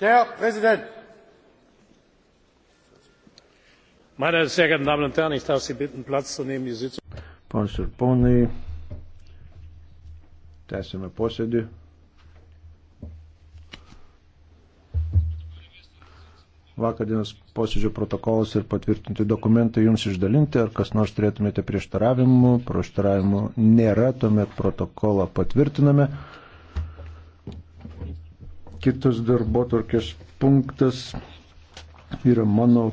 herr präsident meine sehr geehrten damen und herren! ich darf sie bitten platz zu nehmen. ponios ir ponai tęsiame posėdį. vakar dienos posėdžio protokolas ir patvirtinti dokumentai jums išdalinti ar kas nors turėtumėte prieštaravimų prieštaravimų nėra tuomet protokolą patvirtiname. Kitas darbo tvarkės punktas yra mano